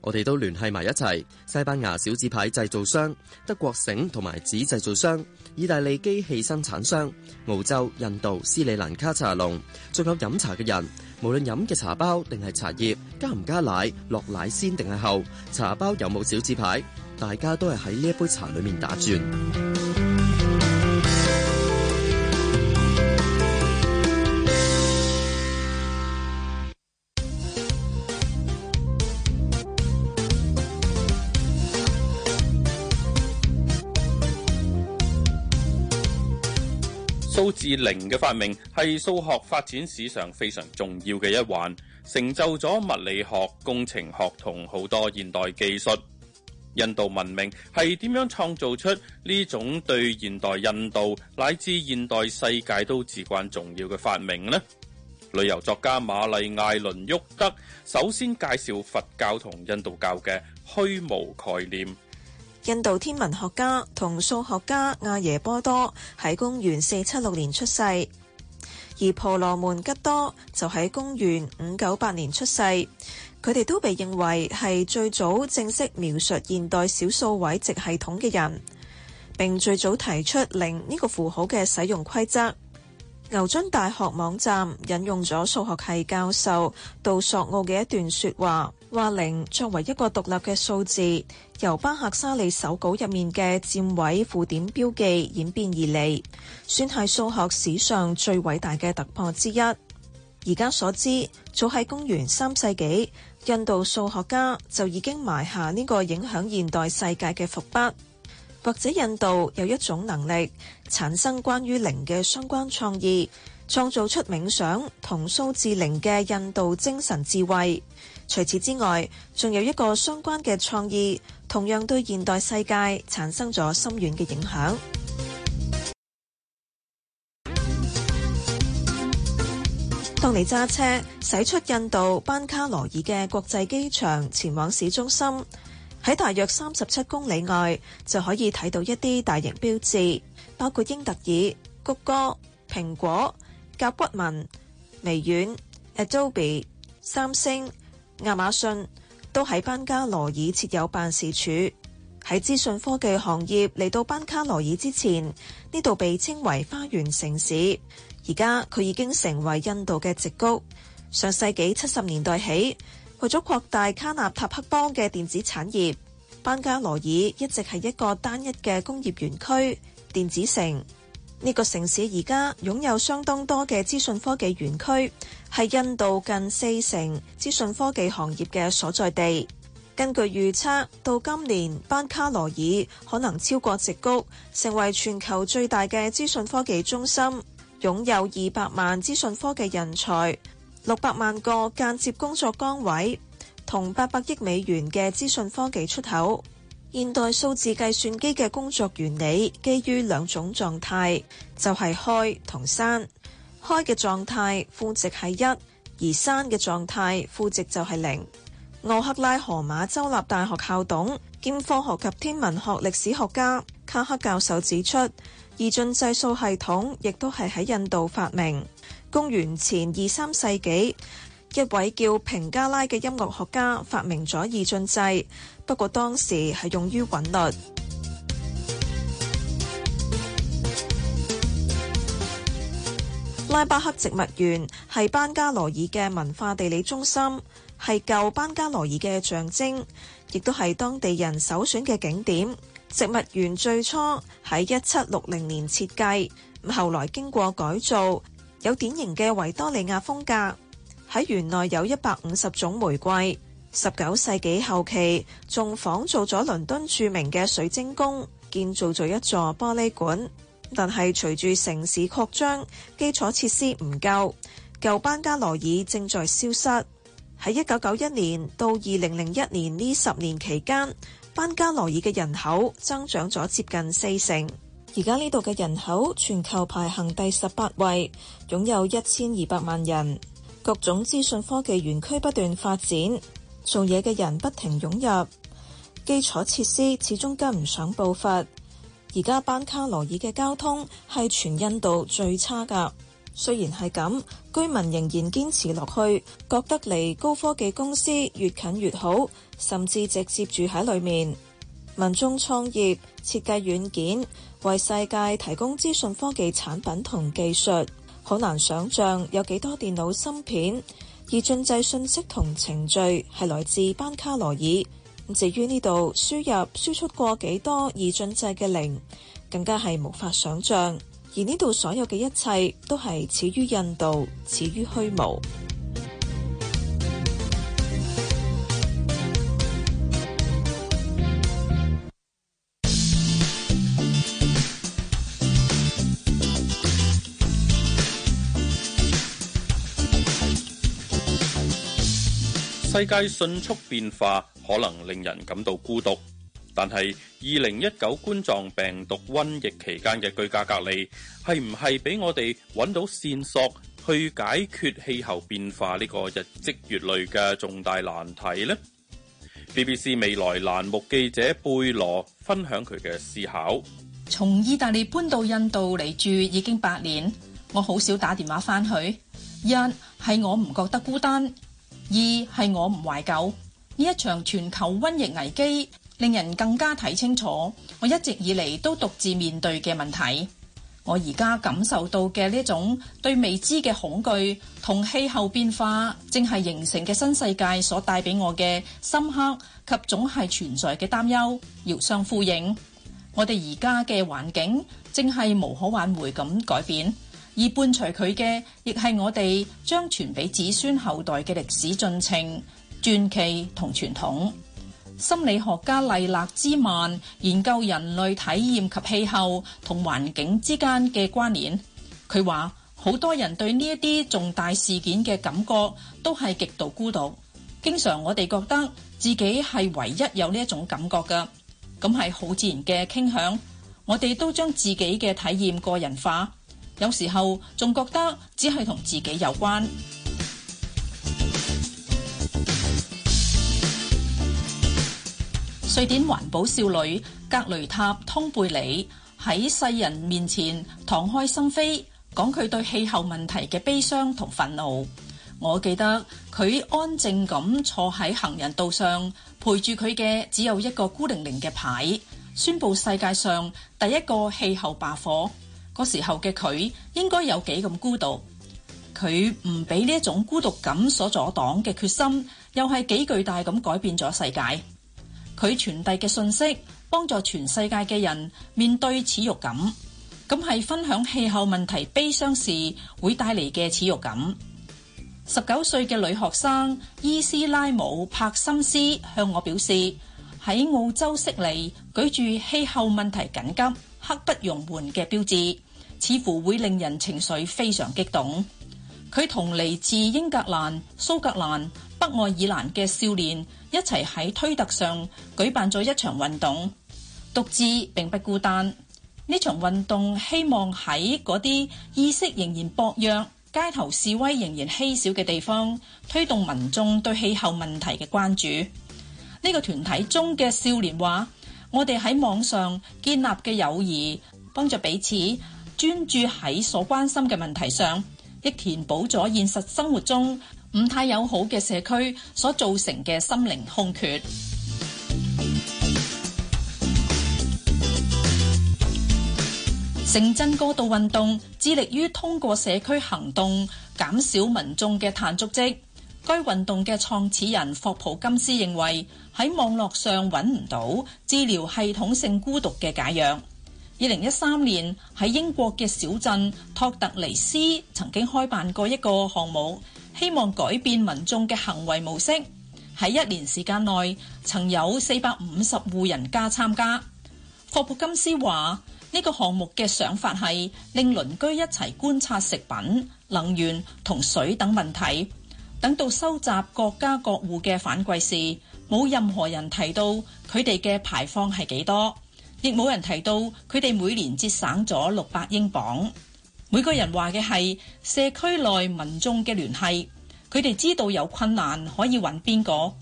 我哋都聯繫埋一齊，西班牙小紙牌製造商、德國繩同埋紙製造商、意大利機器生產商、澳洲、印度、斯里蘭卡茶農，仲有飲茶嘅人，無論飲嘅茶包定係茶葉，加唔加奶，落奶先定係後，茶包有冇小紙牌，大家都係喺呢一杯茶裏面打轉。數字零嘅發明係數學發展史上非常重要嘅一環，成就咗物理學、工程學同好多現代技術。印度文明係點樣創造出呢種對現代印度乃至現代世界都至關重要嘅發明呢？旅遊作家瑪麗艾倫沃德首先介紹佛教同印度教嘅虛無概念。印度天文學家同數學家阿耶波多喺公元四七六年出世，而婆羅門吉多就喺公元五九八年出世。佢哋都被認為係最早正式描述現代小數位值系統嘅人，並最早提出零呢個符號嘅使用規則。牛津大學網站引用咗數學系教授杜索奧嘅一段說話，話零作為一個獨立嘅數字，由巴克沙利手稿入面嘅佔位符點標記演變而嚟，算係數學史上最偉大嘅突破之一。而家所知，早喺公元三世紀，印度數學家就已經埋下呢個影響現代世界嘅伏筆。或者印度有一種能力，產生關於零嘅相關創意，創造出冥想同數字零嘅印度精神智慧。除此之外，仲有一個相關嘅創意，同樣對現代世界產生咗深遠嘅影響。 當你揸車駛出印度班卡羅爾嘅國際機場，前往市中心，喺大約三十七公里外，就可以睇到一啲大型標誌，包括英特爾、谷歌、蘋果、甲骨文、微軟、Adobe、三星、亞馬遜都喺班加羅爾設有辦事處。喺資訊科技行業嚟到班加羅爾之前，呢度被稱為花園城市。而家佢已經成為印度嘅直谷。上世紀七十年代起，為咗擴大卡納塔克邦嘅電子產業，班加羅爾一直係一個單一嘅工業園區，電子城。呢、這個城市而家擁有相當多嘅資訊科技園區，係印度近四成資訊科技行業嘅所在地。根據預測，到今年班加羅爾可能超過矽谷，成為全球最大嘅資訊科技中心，擁有二百萬資訊科技人才。六百萬個間接工作崗位同八百億美元嘅資訊科技出口。現代數字計算機嘅工作原理基於兩種狀態，就係、是、開同閂。開嘅狀態負值係一，而閂嘅狀態負值就係零。奧克拉荷馬州立大學校董兼科學及天文學歷史學家卡克教授指出，二進制數系統亦都係喺印度發明。公元前二三世紀，一位叫平加拉嘅音樂學家發明咗二進制，不過當時係用於韻律。拉巴克植物園係班加羅爾嘅文化地理中心，係舊班加羅爾嘅象徵，亦都係當地人首選嘅景點。植物園最初喺一七六零年設計，咁後來經過改造。有典型嘅維多利亞風格，喺園內有一百五十種玫瑰。十九世紀後期仲仿造咗倫敦著名嘅水晶宮，建造咗一座玻璃館，但係隨住城市擴張，基礎設施唔夠，舊班加羅爾正在消失。喺一九九一年到二零零一年呢十年期間，班加羅爾嘅人口增長咗接近四成。而家呢度嘅人口全球排行第十八位，擁有一千二百萬人。各種資訊科技園區不斷發展，做嘢嘅人不停湧入，基礎設施始終跟唔上步伐。而家班卡羅爾嘅交通係全印度最差㗎。雖然係咁，居民仍然堅持落去，覺得離高科技公司越近越好，甚至直接住喺裏面。民眾創業設計軟件。為世界提供資訊科技產品同技術，好難想象有幾多電腦芯片，二進制信息同程序係來自班卡羅爾。至於呢度輸入輸出過幾多二進制嘅零，更加係無法想象。而呢度所有嘅一切都係始於印度，始於虛無。世界迅速變化，可能令人感到孤獨。但係，二零一九冠狀病毒瘟疫期間嘅居家隔離，係唔係俾我哋揾到線索去解決氣候變化呢個日積月累嘅重大難題呢？BBC 未來欄目記者貝羅分享佢嘅思考。從意大利搬到印度嚟住已經八年，我好少打電話翻去，一係我唔覺得孤單。二係我唔懷舊。呢一場全球瘟疫危機，令人更加睇清楚，我一直以嚟都獨自面對嘅問題。我而家感受到嘅呢種對未知嘅恐懼，同氣候變化正係形成嘅新世界所帶俾我嘅深刻及總係存在嘅擔憂，遙相呼應。我哋而家嘅環境正係無可挽回咁改變。而伴隨佢嘅，亦係我哋將傳俾子孫後代嘅歷史進程、傳奇同傳統。心理學家麗娜之曼研究人類體驗及氣候同環境之間嘅關聯，佢話好多人對呢一啲重大事件嘅感覺都係極度孤獨，經常我哋覺得自己係唯一有呢一種感覺噶，咁係好自然嘅傾向。我哋都將自己嘅體驗個人化。有時候仲覺得只係同自己有關。瑞典環保少女格雷塔通貝里喺世人面前敞開心扉，講佢對氣候問題嘅悲傷同憤怒。我記得佢安靜咁坐喺行人道上，陪住佢嘅只有一個孤零零嘅牌，宣布世界上第一個氣候罷火。嗰時候嘅佢應該有幾咁孤獨，佢唔俾呢一種孤獨感所阻擋嘅決心，又係幾巨大咁改變咗世界。佢傳遞嘅信息，幫助全世界嘅人面對恥辱感，咁係分享氣候問題悲傷時會帶嚟嘅恥辱感。十九歲嘅女學生伊斯拉姆·帕森斯向我表示，喺澳洲悉尼舉住氣候問題緊急、刻不容緩嘅標誌。似乎會令人情緒非常激動。佢同嚟自英格蘭、蘇格蘭、北愛爾蘭嘅少年一齊喺推特上舉辦咗一場運動，獨自並不孤單。呢場運動希望喺嗰啲意識仍然薄弱、街頭示威仍然稀少嘅地方，推動民眾對氣候問題嘅關注。呢個團體中嘅少年話：我哋喺網上建立嘅友誼，幫助彼此。專注喺所關心嘅問題上，亦填補咗現實生活中唔太友好嘅社區所造成嘅心靈空缺。 城鎮過度運動致力於通過社區行動減少民眾嘅碳足跡。該運動嘅創始人霍普金斯認為喺網絡上揾唔到治療系統性孤獨嘅解藥。二零一三年喺英國嘅小鎮托特尼斯曾經開辦過一個項目，希望改變民眾嘅行為模式。喺一年時間內，曾有四百五十戶人家參加。霍普金斯話：呢個項目嘅想法係令鄰居一齊觀察食品、能源同水等問題。等到收集各家各戶嘅反饋時，冇任何人提到佢哋嘅排放係幾多。亦冇人提到佢哋每年節省咗六百英鎊。每個人話嘅係社區內民眾嘅聯繫，佢哋知道有困難可以揾邊個。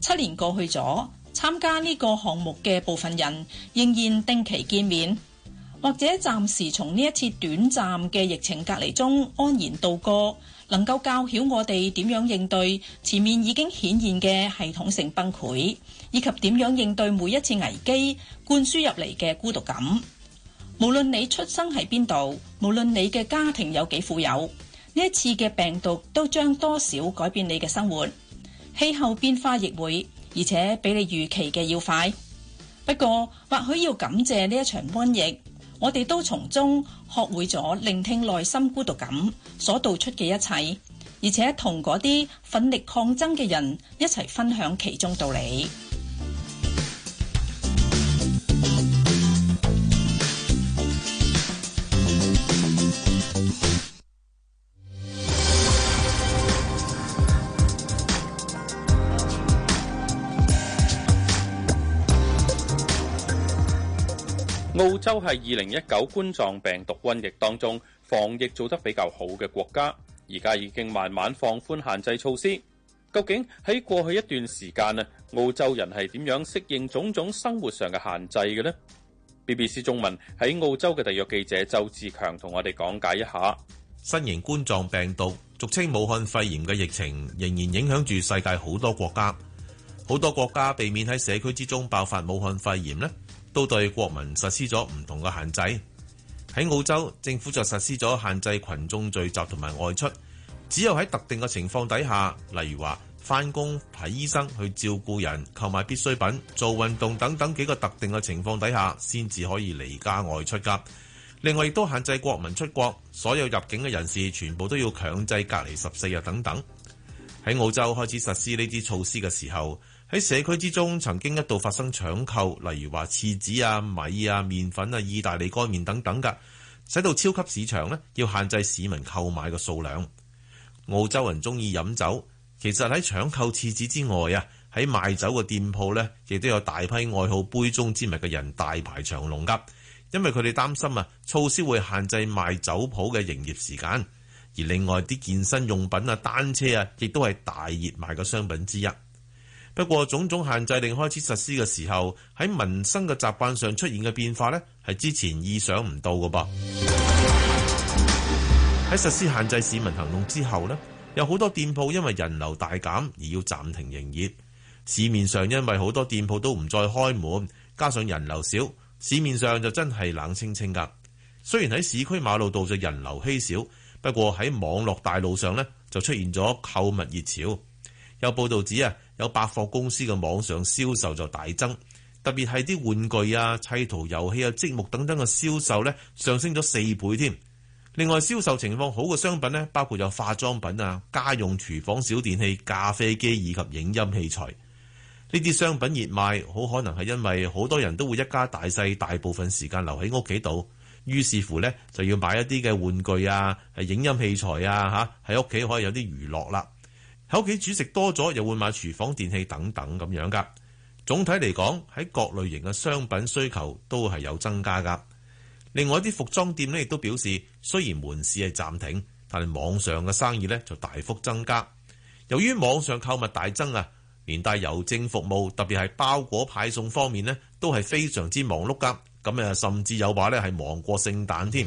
七年過去咗，參加呢個項目嘅部分人仍然定期見面，或者暫時從呢一次短暫嘅疫情隔離中安然度過，能夠教曉我哋點樣應對前面已經顯現嘅系統性崩潰，以及點樣應對每一次危機。灌輸入嚟嘅孤獨感，無論你出生喺邊度，無論你嘅家庭有幾富有，呢一次嘅病毒都將多少改變你嘅生活。氣候變化亦會，而且比你預期嘅要快。不過，或許要感謝呢一場瘟疫，我哋都從中學會咗聆聽內心孤獨感所導出嘅一切，而且同嗰啲奮力抗爭嘅人一齊分享其中道理。澳洲係2019冠狀病毒瘟疫當中都對國民實施咗唔同嘅限制。喺澳洲，政府就實施咗限制群眾聚集同埋外出，只有喺特定嘅情況底下，例如話返工、睇醫生、去照顧人、購買必需品、做運動等等幾個特定嘅情況底下，先至可以離家外出㗎。另外亦都限制國民出國，所有入境嘅人士全部都要強制隔離十四日等等。喺澳洲開始實施呢啲措施嘅時候。喺社區之中，曾經一度發生搶購，例如話廁紙啊、米啊、麵粉啊、意大利乾麵等等㗎，使到超級市場呢要限制市民購買嘅數量。澳洲人中意飲酒，其實喺搶購廁紙之外啊，喺賣酒嘅店鋪呢，亦都有大批愛好杯中之物嘅人大排長龍㗎。因為佢哋擔心啊，措施會限制賣酒鋪嘅營業時間。而另外啲健身用品啊、單車啊，亦都係大熱賣嘅商品之一。不過種種限制令開始實施嘅時候，喺民生嘅習慣上出現嘅變化呢，係之前意想唔到嘅噃。喺實施限制市民行動之後呢，有好多店鋪因為人流大減而要暫停營業。市面上因為好多店鋪都唔再開門，加上人流少，市面上就真係冷清清噶。雖然喺市區馬路度就人流稀少，不過喺網絡大路上呢，就出現咗購物熱潮。有報道指啊。有百貨公司嘅網上銷售就大增，特別係啲玩具啊、砌圖遊戲啊、積木等等嘅銷售呢，上升咗四倍添。另外，銷售情況好嘅商品呢，包括有化妝品啊、家用廚房小電器、咖啡機以及影音器材。呢啲商品熱賣，好可能係因為好多人都會一家大細大部分時間留喺屋企度，於是乎呢，就要買一啲嘅玩具啊、係影音器材啊，嚇喺屋企可以有啲娛樂啦。喺屋企煮食多咗，又會買廚房電器等等咁樣噶。總體嚟講，喺各類型嘅商品需求都係有增加噶。另外啲服裝店呢，亦都表示，雖然門市係暫停，但係網上嘅生意呢就大幅增加。由於網上購物大增啊，連帶郵政服務，特別係包裹派送方面呢，都係非常之忙碌噶。咁誒，甚至有話咧係忙過聖誕添。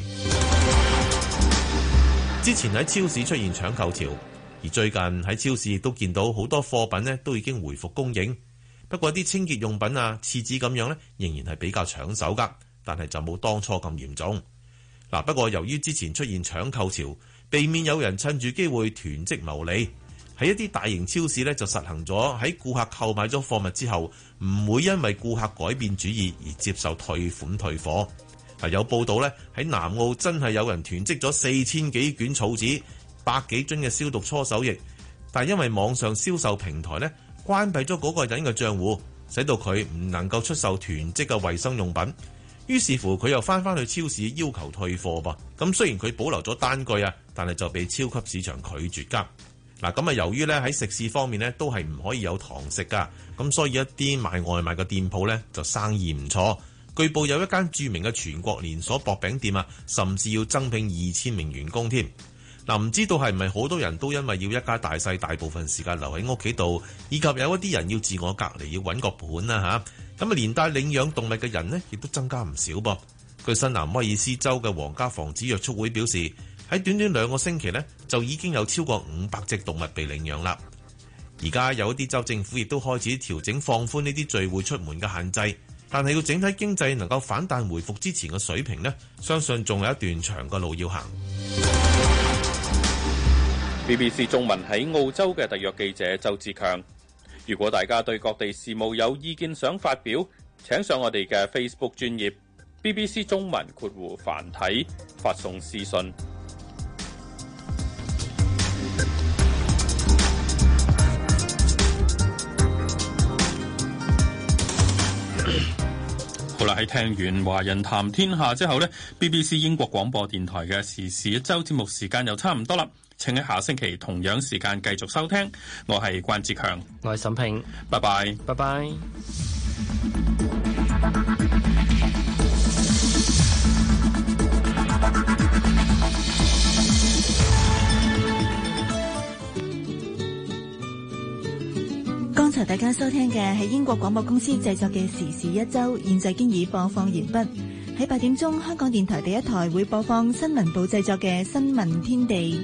之前喺超市出現搶購潮。而最近喺超市亦都見到好多貨品呢都已經回復供應。不過啲清潔用品啊、廁紙咁樣呢，仍然係比較搶手噶。但係就冇當初咁嚴重。嗱，不過由於之前出現搶購潮，避免有人趁住機會囤積牟利，喺一啲大型超市呢就實行咗喺顧客購買咗貨物之後，唔會因為顧客改變主意而接受退款退貨。啊，有報道呢，喺南澳真係有人囤積咗四千幾卷草紙。百幾樽嘅消毒搓手液，但係因為網上銷售平台呢關閉咗嗰個人嘅賬戶，使到佢唔能夠出售囤積嘅衞生用品。於是乎佢又翻返去超市要求退貨噃。咁雖然佢保留咗單據啊，但係就被超級市場拒絕㗎。嗱咁啊，由於咧喺食肆方面呢都係唔可以有堂食噶，咁所以一啲賣外賣嘅店鋪呢就生意唔錯。據報有一間著名嘅全國連鎖薄餅店啊，甚至要增聘二千名員工添。嗱，唔知道係唔係好多人都因為要一家大細，大部分時間留喺屋企度，以及有一啲人要自我隔離要揾個伴啦吓，咁啊連帶領養動物嘅人呢亦都增加唔少噃。據新南威爾斯州嘅皇家防止約束會表示，喺短短兩個星期呢，就已經有超過五百隻動物被領養啦。而家有一啲州政府亦都開始調整放寬呢啲聚會出門嘅限制，但係要整體經濟能夠反彈回復之前嘅水平呢，相信仲有一段長嘅路要行。BBC 中文喺澳洲嘅特約記者周志強，如果大家對各地事務有意見想發表，請上我哋嘅 Facebook 專頁 BBC 中文括弧繁體發送私信。好啦，喺聽完華人談天下之後呢 BBC 英國廣播電臺嘅時事一周節目時間又差唔多啦。請喺下星期同樣時間繼續收聽，我係關志強，我係沈平，拜拜 bye，拜拜 bye。剛才大家收聽嘅係英國廣播公司製作嘅《時事一周》現放放，現在經已播放完畢。喺八點鐘，香港電台第一台會播放新聞部製作嘅《新聞天地》。